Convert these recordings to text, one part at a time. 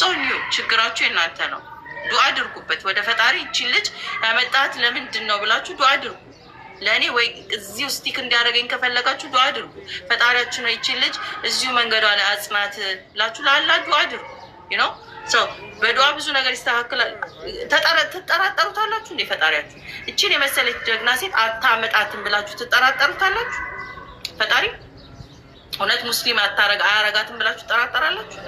ሶኒ ችግራችሁ የእናንተ ነው። ዱ አድርጉበት ወደ ፈጣሪ ይችን ልጅ ያመጣት ለምንድን ነው ብላችሁ ዱ አድርጉ። ለእኔ ወይ እዚሁ ስቲክ እንዲያደርገኝ ከፈለጋችሁ ዱ አድርጉ። ፈጣሪያችሁ ነው ይችን ልጅ እዚሁ መንገዷ ላይ አጽናት ብላችሁ ላላ ዱ አድርጉ። ነው ሰው በዱዓ ብዙ ነገር ይስተካከላል። ትጠራጠሩታላችሁ እንዴ? ፈጣሪያችሁ እችን የመሰለች ጀግና ሴት አታመጣትን ብላችሁ ትጠራጠሩታላችሁ? ፈጣሪ እውነት ሙስሊም አታረግ አያረጋትን ብላችሁ ትጠራጠራላችሁ?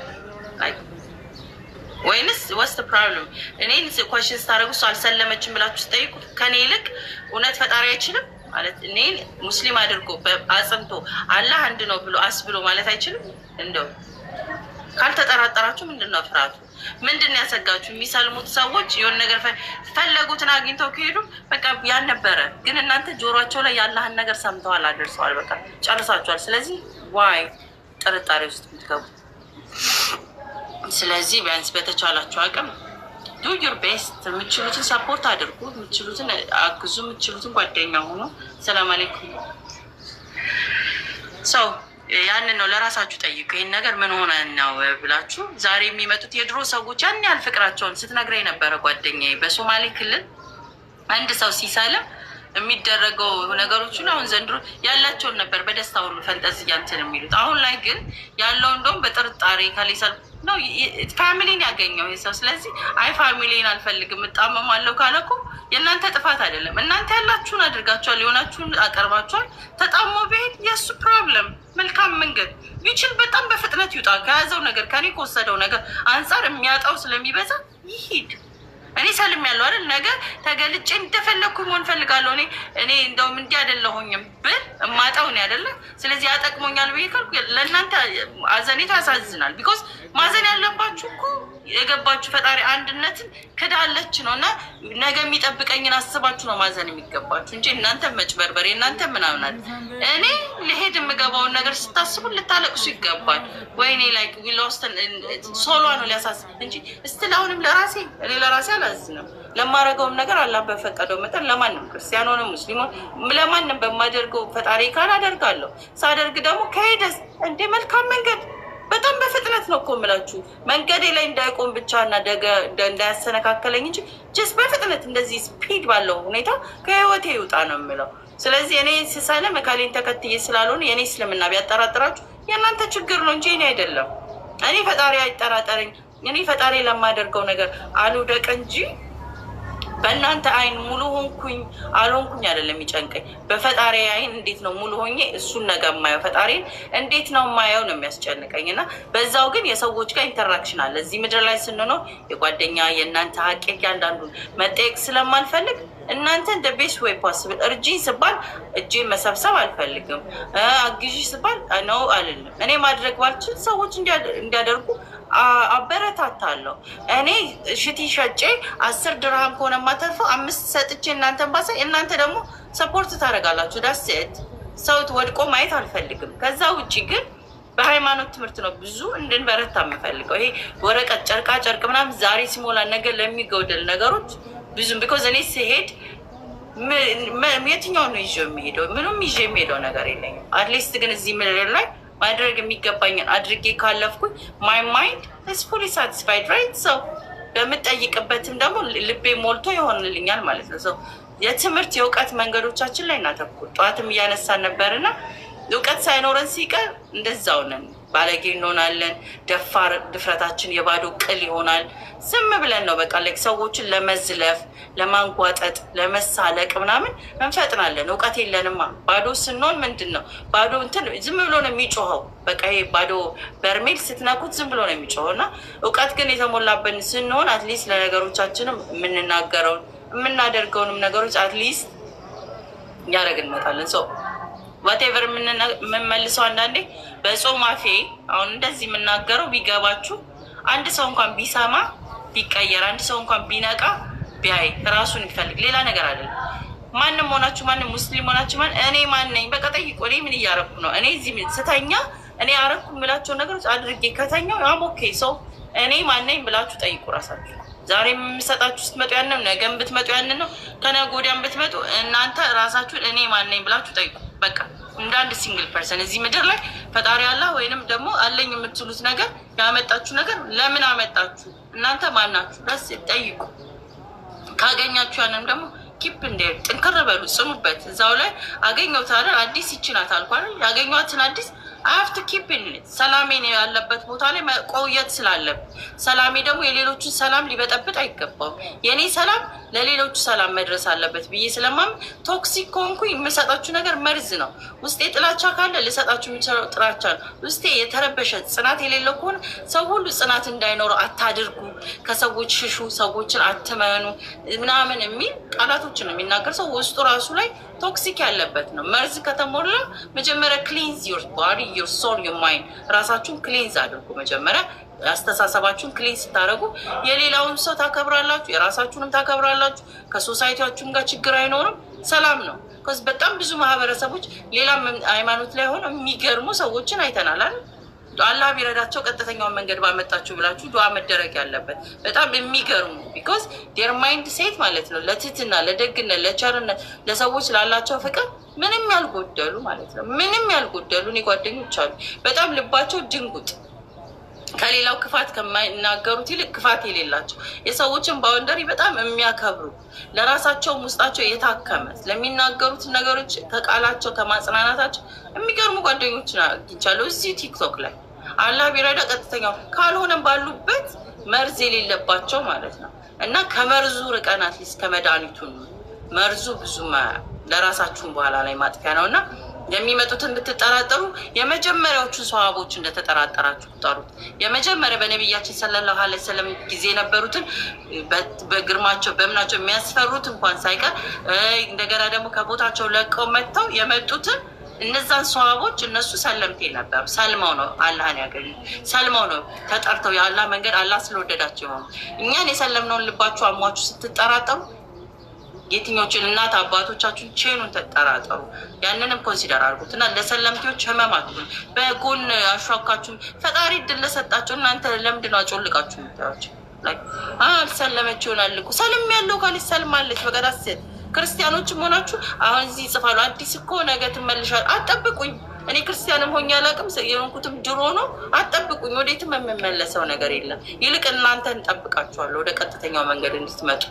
ወይንስ ወስት ፕሮብለም እኔን ኮሽን ስታደረጉ እሱ አልሰለመችም ብላችሁ ስጠይቁ ከኔ ይልቅ እውነት ፈጣሪ አይችልም ማለት እኔን ሙስሊም አድርጎ አጽንቶ አላህ አንድ ነው ብሎ አስብሎ ማለት አይችልም። እንደው ካልተጠራጠራችሁ ምንድን ነው ፍርሃቱ? ምንድን ነው ያሰጋችሁ? የሚሰልሙት ሰዎች የሆን ነገር ፈለጉትን አግኝተው ከሄዱ በቃ ያን ነበረ። ግን እናንተ ጆሯቸው ላይ ያላህን ነገር ሰምተዋል፣ አደርሰዋል፣ በቃ ጨርሳችኋል። ስለዚህ ዋይ ጥርጣሬ ውስጥ የምትገቡ ስለዚህ ቢያንስ በተቻላችሁ አቅም ዱ ዩር ቤስት፣ የምችሉትን ሰፖርት አድርጉ፣ የምችሉትን አግዙ፣ የምችሉትን ጓደኛ ሆኖ ሰላም አለይኩም ሰው ያንን ነው ለራሳችሁ ጠይቁ። ይህን ነገር ምን ሆነ ነው ብላችሁ ዛሬ የሚመጡት የድሮ ሰዎች ያን ያህል ፍቅራቸውን ስትነግረኝ ነበረ ጓደኛ በሶማሌ ክልል አንድ ሰው ሲሳለም የሚደረገው ነገሮችን አሁን ዘንድሮ ያላቸውን ነበር በደስታ ሁሉ ፈንጠዝ እያንትን የሚሉት። አሁን ላይ ግን ያለው እንደውም በጥርጣሬ ከሌሳል ነው ፋሚሊን ያገኘው ሰው። ስለዚህ አይ ፋሚሊን አልፈልግም እጣመማለሁ ካለ እኮ የእናንተ ጥፋት አይደለም። እናንተ ያላችሁን አድርጋችኋል፣ የሆናችሁን አቀርባችኋል። ተጣሞ ብሄድ የእሱ ፕሮብለም። መልካም መንገድ ይችል በጣም በፍጥነት ይውጣ። ከያዘው ነገር ከኔ ከወሰደው ነገር አንጻር የሚያጣው ስለሚበዛ ይሂድ። እኔ ሰልም ያለው አይደል ነገ ተገልጬ እንደፈለግኩ መሆን ፈልጋለሁ። እኔ እኔ እንደውም እንዲህ አይደለሁኝም ብል እማጣው ነው አይደለ? ስለዚህ ያጠቅሞኛል ብዬ ካልኩ ለእናንተ አዘኔቱ ያሳዝናል። ቢኮዝ ማዘን ያለባችሁ እኮ የገባችሁ ፈጣሪ አንድነትን ክዳለች ነው እና ነገ የሚጠብቀኝን አስባችሁ ነው ማዘን የሚገባችሁ እንጂ እናንተ መጭበርበር እናንተ ምናምናል። እኔ ልሄድ የምገባውን ነገር ስታስቡ ልታለቅሱ ይገባል። ወይኔ ላይ ሶሏ ነው ሊያሳስብ እንጂ ስትል አሁንም ለራሴ እኔ ለራሴ አላ ነው። ለማድረገውም ነገር አላህ በፈቀደው መጠን ለማንም ክርስቲያን ሆነ ሙስሊም ለማንም በማደርገው ፈጣሪ ካል አደርጋለሁ። ሳደርግ ደግሞ ከሄደስ እንደ መልካም መንገድ በጣም በፍጥነት ነው እኮ የምላችሁ። መንገዴ ላይ እንዳይቆም ብቻ እና እንዳያሰነካከለኝ እንጂ ጀስ በፍጥነት እንደዚህ ስፒድ ባለው ሁኔታ ከህይወቴ ይውጣ ነው የምለው። ስለዚህ እኔ ስሳለ መካሌን ተከትዬ ስላልሆነ የእኔ እስልምና ቢያጠራጥራችሁ የእናንተ ችግር ነው እንጂ እኔ አይደለም። እኔ ፈጣሪ አይጠራጠረኝ እኔ ፈጣሪ ለማደርገው ነገር አልውደቅ እንጂ በእናንተ አይን ሙሉ ሆንኩኝ አልሆንኩኝ አይደለም የሚጨንቀኝ። በፈጣሪ አይን እንዴት ነው ሙሉ ሆኜ እሱን ነገር የማየው ፈጣሪን እንዴት ነው የማየው ነው የሚያስጨንቀኝ። እና በዛው ግን የሰዎች ጋር ኢንተራክሽን አለ። እዚህ ምድር ላይ ስንኖር የጓደኛ የእናንተ ሀቄት ያንዳንዱ መጠየቅ ስለማልፈልግ እናንተን ደ ቤስት ወይ ፖስብል እርጂኝ ስባል እጄ መሰብሰብ አልፈልግም። አግዢ ስባል ነው አልልም። እኔ ማድረግ ባልችል ሰዎች እንዲያደርጉ አበረታታለሁ። እኔ ሽቲ ሸጬ አስር ድርሃም ከሆነ የማተርፈው አምስት ሰጥቼ እናንተን ባሳይ እናንተ ደግሞ ሰፖርት ታደርጋላችሁ። ዳስት ሰውት ወድቆ ማየት አልፈልግም። ከዛ ውጭ ግን በሃይማኖት ትምህርት ነው ብዙ እንድንበረታ የምፈልገው። ይሄ ወረቀት፣ ጨርቃ ጨርቅ ምናምን ዛሬ ሲሞላ ነገር ለሚገውደል ነገሮች ብዙም ቢኮዝ እኔ ስሄድ የትኛው ነው ይዞ የሚሄደው? ምንም ይዞ የሚሄደው ነገር የለኝም። አትሊስት ግን እዚህ ምድር ላይ ማድረግ የሚገባኝን አድርጌ ካለፍኩኝ ማይ ማይንድ ኢዝ ፉሊ ሳቲስፋይድ ራይት ሰው በምጠይቅበትም ደግሞ ልቤ ሞልቶ ይሆንልኛል ማለት ነው። ሰው የትምህርት የእውቀት መንገዶቻችን ላይ እናተኩር። ጠዋትም እያነሳን ነበርና እውቀት ሳይኖረን ሲቀር እንደዛው ነን። ባለጌ እንሆናለን። ደፋር ድፍረታችን የባዶ ቅል ይሆናል። ዝም ብለን ነው በቃ ላይ ሰዎችን ለመዝለፍ፣ ለማንጓጠጥ፣ ለመሳለቅ ምናምን እንፈጥናለን። እውቀት የለንማ። ባዶ ስንሆን ምንድን ነው ባዶ እንትን ዝም ብሎ ነው የሚጮኸው። በቃ ይሄ ባዶ በርሜል ስትነኩት ዝም ብሎ ነው የሚጮኸው እና እውቀት ግን የተሞላብን ስንሆን አትሊስት ለነገሮቻችንም የምንናገረውን የምናደርገውንም ነገሮች አትሊስት እያደረግን እንመጣለን ሰው ዋቴቨር የምንመልሰው አንዳንዴ በጾም አፌ አሁን እንደዚህ የምናገረው ቢገባችሁ፣ አንድ ሰው እንኳን ቢሰማ ቢቀየር፣ አንድ ሰው እንኳን ቢነቃ ቢያይ ራሱን ይፈልግ። ሌላ ነገር አለ። ማንም ሆናችሁ ማንም ሙስሊም ሆናችሁ ማን እኔ ማን ነኝ በቃ ጠይቁ። እኔ ምን እያረኩ ነው? እኔ እዚህ ስተኛ እኔ አረኩ የምላቸው ነገሮች አድርጌ ከተኛው አሞኬ ሰው እኔ ማን ነኝ ብላችሁ ጠይቁ ራሳችሁ። ዛሬ የምሰጣችሁ ስትመጡ ያንን ነገ ብትመጡ ያንን ነው። ከነገ ወዲያም ብትመጡ እናንተ ራሳችሁን እኔ ማን ነኝ ብላችሁ ጠይቁ። በቃ እንደ አንድ ሲንግል ፐርሰን እዚህ ምድር ላይ ፈጣሪ አላ ወይንም ደግሞ አለኝ የምትሉት ነገር ያመጣችሁ ነገር ለምን አመጣችሁ? እናንተ ማናችሁ? ደስ ጠይቁ። ካገኛችሁ ያንም ደግሞ ኪፕ እንደ ጥንክር በሉ፣ ጽኑበት። እዛው ላይ አገኘው አይደል አዲስ ይችናት አልኳል። ያገኘኋትን አዲስ አፍት ኪፕን ሰላሜን ያለበት ቦታ ላይ መቆየት ስላለብ ሰላሜ ደግሞ የሌሎችን ሰላም ሊበጠብጥ አይገባም። የእኔ ሰላም ለሌሎቹ ሰላም መድረስ አለበት ብዬ ስለማም ቶክሲክ ከሆንኩ የምሰጣችሁ ነገር መርዝ ነው። ውስጤ ጥላቻ ካለ ልሰጣችሁ የሚችለው ጥላቻ ነው። ውስጤ የተረበሸ ጽናት የሌለው ከሆነ ሰው ሁሉ ጽናት እንዳይኖረው አታድርጉ፣ ከሰዎች ሽሹ፣ ሰዎችን አትመኑ ምናምን የሚል ቃላቶችን ነው የሚናገር ሰው ውስጡ ራሱ ላይ ቶክሲክ ያለበት ነው። መርዝ ከተሞላ መጀመሪያ ክሊንዝ ዮር ባዲ ዮር ሶል ማይንድ፣ ራሳችሁን ክሊንዝ አድርጉ። መጀመሪያ አስተሳሰባችሁን ክሊንዝ ስታደርጉ የሌላውን ሰው ታከብራላችሁ፣ የራሳችሁንም ታከብራላችሁ። ከሶሳይቲያችሁም ጋር ችግር አይኖርም፣ ሰላም ነው። በጣም ብዙ ማህበረሰቦች ሌላ ሃይማኖት ላይ ሆነ የሚገርሙ ሰዎችን አይተናል አይደል አላህ ቢረዳቸው ቀጥተኛውን መንገድ ባመጣችሁ ብላችሁ ዱዓ መደረግ ያለበት በጣም የሚገርሙ ቢኮዝ ዴር ማይንድ ሴት ማለት ነው። ለትትና ለደግነት፣ ለቸርነት፣ ለሰዎች ላላቸው ፍቅር ምንም ያልጎደሉ ማለት ነው። ምንም ያልጎደሉ እኔ ጓደኞች አሉ በጣም ልባቸው ድንጉጥ ከሌላው ክፋት ከማይናገሩት ይልቅ ክፋት የሌላቸው የሰዎችን ባውንደሪ በጣም የሚያከብሩ ለራሳቸውም ውስጣቸው የታከመ ለሚናገሩት ነገሮች ከቃላቸው ከማጽናናታቸው የሚገርሙ ጓደኞች አግኝቻለሁ እዚህ ቲክቶክ ላይ። አላህ ቢረዳ ቀጥተኛው ካልሆነም ባሉበት መርዝ የሌለባቸው ማለት ነው። እና ከመርዙ ርቀናት ሊስ ከመድኃኒቱ መርዙ ብዙ ለራሳችሁን በኋላ ላይ ማጥፊያ ነው እና የሚመጡትን ብትጠራጠሩ የመጀመሪያዎቹን ሰዋቦች እንደተጠራጠራችሁ ጠሩት። የመጀመሪያ በነቢያችን ሰለላሁ ዐለይሂ ወሰለም ጊዜ የነበሩትን በግርማቸው በምናቸው የሚያስፈሩት እንኳን ሳይቀር እንደገና ደግሞ ከቦታቸው ለቀው መጥተው የመጡትን እነዛን ሰዋቦች እነሱ ሰለምቴ ነበር። ሰልመው ነው አላህን ያገኙ፣ ሰልመው ነው ተጠርተው የአላህ መንገድ አላህ ስለወደዳቸው የሆኑ እኛን የሰለምነውን ልባችሁ አሟችሁ ስትጠራጠሩ የትኞቹን እናት አባቶቻችሁን ቼኑን ተጠራጠሩ። ያንንም ኮንሲደር አድርጉት እና ለሰለምቴዎች ህመም በጎን አሿካችሁን ፈጣሪ ድል ለሰጣቸው እናንተ ለምድ ነው አጮልቃችሁ ምታያቸው? አልሰለመች ይሆናል እኮ ሰልም ያለው ካል ሰልማለች በቀዳሴት ክርስቲያኖችም ሆናችሁ አሁን እዚህ ይጽፋሉ፣ አዲስ እኮ ነገ ትመልሻል። አጠብቁኝ። እኔ ክርስቲያንም ሆኜ አላውቅም፣ የሆንኩትም ድሮ ነው። አጠብቁኝ። ወዴትም የምመለሰው ነገር የለም። ይልቅ እናንተ እንጠብቃችኋለሁ፣ ወደ ቀጥተኛው መንገድ እንድትመጡ።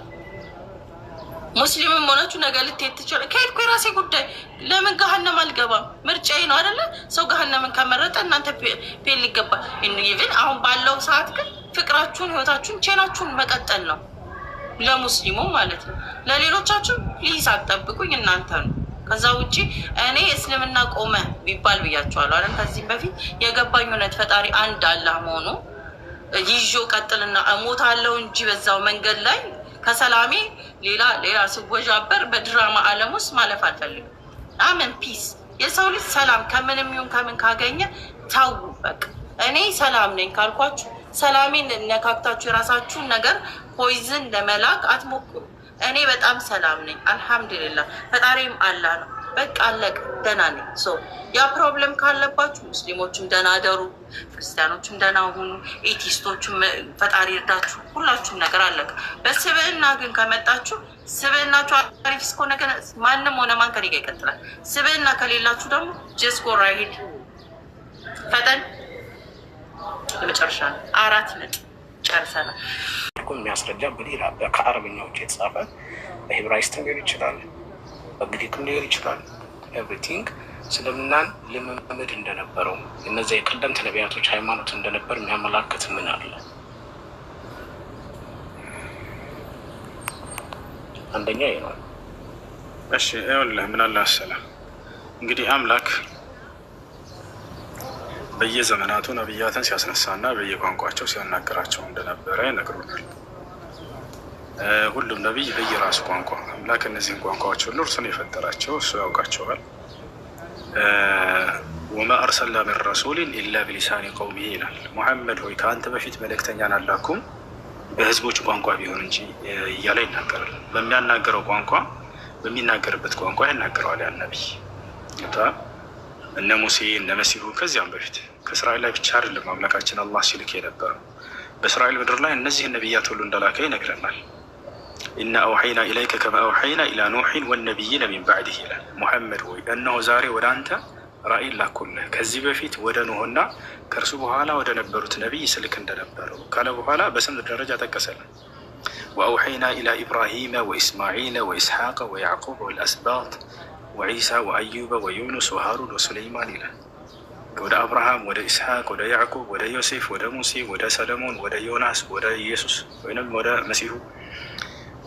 ሙስሊምም ሆናችሁ ነገ ልትሄድ ትችላል። ከሄድኩ የራሴ ጉዳይ። ለምን ገሀነም አልገባም? ምርጫዬ ነው አይደለ? ሰው ገሀነምን ከመረጠ እናንተ ፔል ይገባል። ኢቭን አሁን ባለው ሰዓት ግን ፍቅራችሁን፣ ህይወታችሁን፣ ቼናችሁን መቀጠል ነው። ለሙስሊሙ ማለት ነው። ለሌሎቻችሁ ፕሊዝ አጠብቁኝ እናንተ ነው። ከዛ ውጭ እኔ እስልምና ቆመ ቢባል ብያቸዋለሁ አለ። ከዚህም በፊት የገባኝ እውነት ፈጣሪ አንድ አላህ መሆኑ ይዞ ቀጥልና እሞታለሁ እንጂ በዛው መንገድ ላይ ከሰላሜ ሌላ ሌላ ስወዣበር በድራማ አለም ውስጥ ማለፍ አልፈልግም። አመን ፒስ የሰው ልጅ ሰላም ከምንም ይሁን ከምን ካገኘ ታው በቃ እኔ ሰላም ነኝ ካልኳችሁ ሰላሜን ነካክታችሁ የራሳችሁን ነገር ፖይዝን ለመላክ አትሞክሩ። እኔ በጣም ሰላም ነኝ፣ አልሐምዱሊላ ፈጣሪም አላ ነው። በቃ አለቅ፣ ደና ነኝ። ሶ ያ ፕሮብለም ካለባችሁ ሙስሊሞችም ደና ደሩ ክርስቲያኖችም ደና ሁኑ፣ ኤቲስቶችም ፈጣሪ እርዳችሁ፣ ሁላችሁም ነገር አለቀ። በስብዕና ግን ከመጣችሁ ስብዕናችሁ አሪፍ እስከሆነ ግን ማንም ሆነ ማን ከኔ ይቀጥላል። ስብዕና ከሌላችሁ ደግሞ ጀስት ጎ ራይድ ፈጠን የመጨረሻ ነው። አራት ነጥብ ጨርሰናል። የሚያስረዳ በሌላ ከአረብኛ ውጭ የተጻፈ በሂብራይስትም ሊሆን ይችላል፣ በግሪክም ሊሆን ይችላል። ኤቭሪቲንግ ልምምድ እንደነበረው እነዚያ የቀደምት ነቢያቶች ሃይማኖት እንደነበር የሚያመላክት ምን አለ? አንደኛ እሺ ይኸውልህ ምን አለ መሰለህ እንግዲህ አምላክ በየዘመናቱ ነብያትን ሲያስነሳና በየቋንቋቸው ሲያናግራቸው እንደነበረ ነግሮናል። ሁሉም ነቢይ በየራሱ ቋንቋ አምላክ እነዚህን ቋንቋዎች ሁሉ እርሱ ነው የፈጠራቸው፣ እሱ ያውቃቸዋል። ወማ አርሰልና ምን ረሱሊን ኢላ ብሊሳኒ ቀውሚ ይላል። ሙሐመድ ሆይ ከአንተ በፊት መልእክተኛን አላኩም በህዝቦች ቋንቋ ቢሆን እንጂ እያለ ይናገራል። በሚያናገረው ቋንቋ በሚናገርበት ቋንቋ ይናገረዋል ያን ነቢይ እነ ሙሴ እነ መሲሁ ከዚያም በፊት ከእስራኤል ላይ ብቻ አይደለም አምላካችን አላህ ሲልክ የነበረው። በእስራኤል ምድር ላይ እነዚህ ነቢያት ሁሉ እንደላከ ይነግረናል። ኢና አውሐይና ኢለይከ ከመ አውሐይና ኢላ ኑሒን ወነቢይነ ሚን ባዕድህ ይላል። ሙሐመድ ወይ እነሆ ዛሬ ወደ አንተ ራእይን ላኩልህ ከዚህ በፊት ወደ ኖሆና ከእርሱ በኋላ ወደ ነበሩት ነቢይ ስልክ እንደነበረው ካለ በኋላ በስም ደረጃ ጠቀሰልን። ወአውሐይና ኢላ ኢብራሂመ ወኢስማዒለ ወኢስሐቀ ወያዕቁብ ወልአስባት ወዒሳ ወአዩበ ወዩኑስ ወሃሩን ወሱለይማን ይላል። ወደ አብርሃም ወደ ኢስሐቅ ወደ ያዕቆብ ወደ ዮሴፍ ወደ ሙሴ ወደ ሰለሞን ወደ ዮናስ ወደ ኢየሱስ ወይም ወደ መሲሁ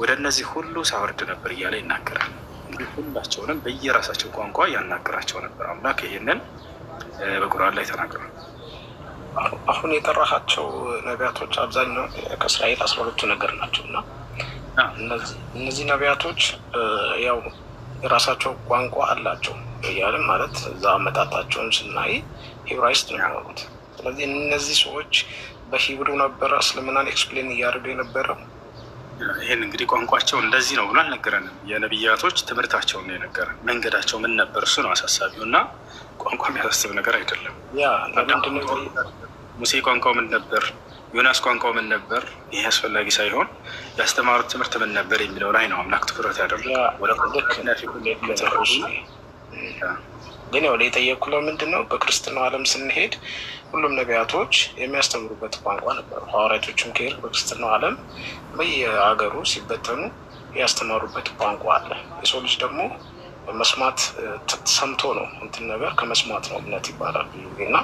ወደ እነዚህ ሁሉ ሳወርድ ነበር እያለ ይናገራል። እንግዲህ ሁላቸውንም በየራሳቸው ቋንቋ ያናገራቸው ነበር። አምላክ ይህንን በቁርአን ላይ ተናግሯል። አሁን የጠራሃቸው ነቢያቶች አብዛኛው ከእስራኤል አስራ ሁለቱ ነገር ናቸው እና እነዚህ ነቢያቶች ያው የራሳቸው ቋንቋ አላቸው። ያልም ማለት እዛ አመጣጣቸውን ስናይ ሂብራይስጥ ነው ያሉት። ስለዚህ እነዚህ ሰዎች በሂብሩ ነበረ እስልምናን ኤክስፕሌን እያደረጉ የነበረው። ይህን እንግዲህ ቋንቋቸው እንደዚህ ነው ብሎ አልነገረንም። የነቢያቶች ትምህርታቸውን ነው የነገረ። መንገዳቸው ምን ነበር? እሱ ነው አሳሳቢው እና ቋንቋ የሚያሳስብ ነገር አይደለም። ሙሴ ቋንቋው ምን ነበር? ዮናስ ቋንቋው ምን ነበር? ይህ አስፈላጊ ሳይሆን ያስተማሩት ትምህርት ምን ነበር የሚለው ላይ ነው አምላክ ትኩረት ያደረግግን ያው የጠየቅኩ ለምንድን ነው በክርስትናው ዓለም ስንሄድ ሁሉም ነቢያቶች የሚያስተምሩበት ቋንቋ ነበሩ። ሐዋርያቶችም ከሄድ በክርስትናው ዓለም በየሀገሩ ሲበተኑ ያስተማሩበት ቋንቋ አለ። የሰው ልጅ ደግሞ መስማት ሰምቶ ነው እንትን ነገር ከመስማት ነው እምነት ይባላል እና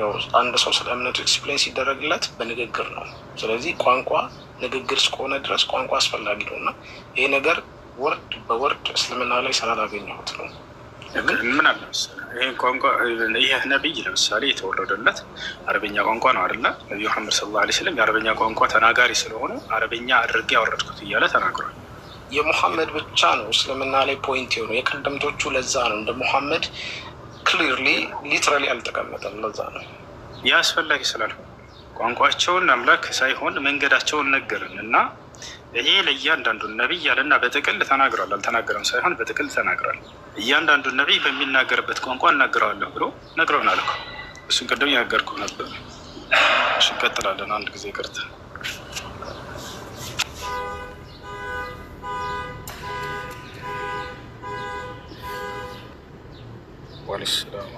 ያው አንድ ሰው ስለ እምነቱ ኤክስፕሌን ሲደረግለት በንግግር ነው። ስለዚህ ቋንቋ ንግግር እስከሆነ ድረስ ቋንቋ አስፈላጊ ነው እና ይሄ ነገር ወርድ በወርድ እስልምና ላይ ስላላገኘሁት ነው። ምን አለ መሰለህ ይህ ቋንቋ ይህ ነቢይ ለምሳሌ የተወረደለት አረበኛ ቋንቋ ነው አይደለ? ነቢ መሐመድ ሰለላሁ ዓለይሂ ወሰለም የአረበኛ ቋንቋ ተናጋሪ ስለሆነ አረበኛ አድርጌ ያወረድኩት እያለ ተናግሯል። የሙሐመድ ብቻ ነው እስልምና ላይ ፖይንት የሆነው የቀደምቶቹ ለዛ ነው እንደ ሙሐመድ ክሊርሊ ሊትራሊ አልተቀመጠም። ለዛ ነው ያ አስፈላጊ ስላል ቋንቋቸውን አምላክ ሳይሆን መንገዳቸውን ነገርን እና ይሄ ለእያንዳንዱ ነቢይ ያለና በጥቅል ተናግሯል። አልተናገረም ሳይሆን በጥቅል ተናግሯል። እያንዳንዱ ነቢይ በሚናገርበት ቋንቋ እናገረዋለሁ ብሎ ነግረውን አልኩ። እሱን ቅድም ያገርኩ ነበር። እሺ፣ እንቀጥላለን። አንድ ጊዜ ይቅርታ want to sit down.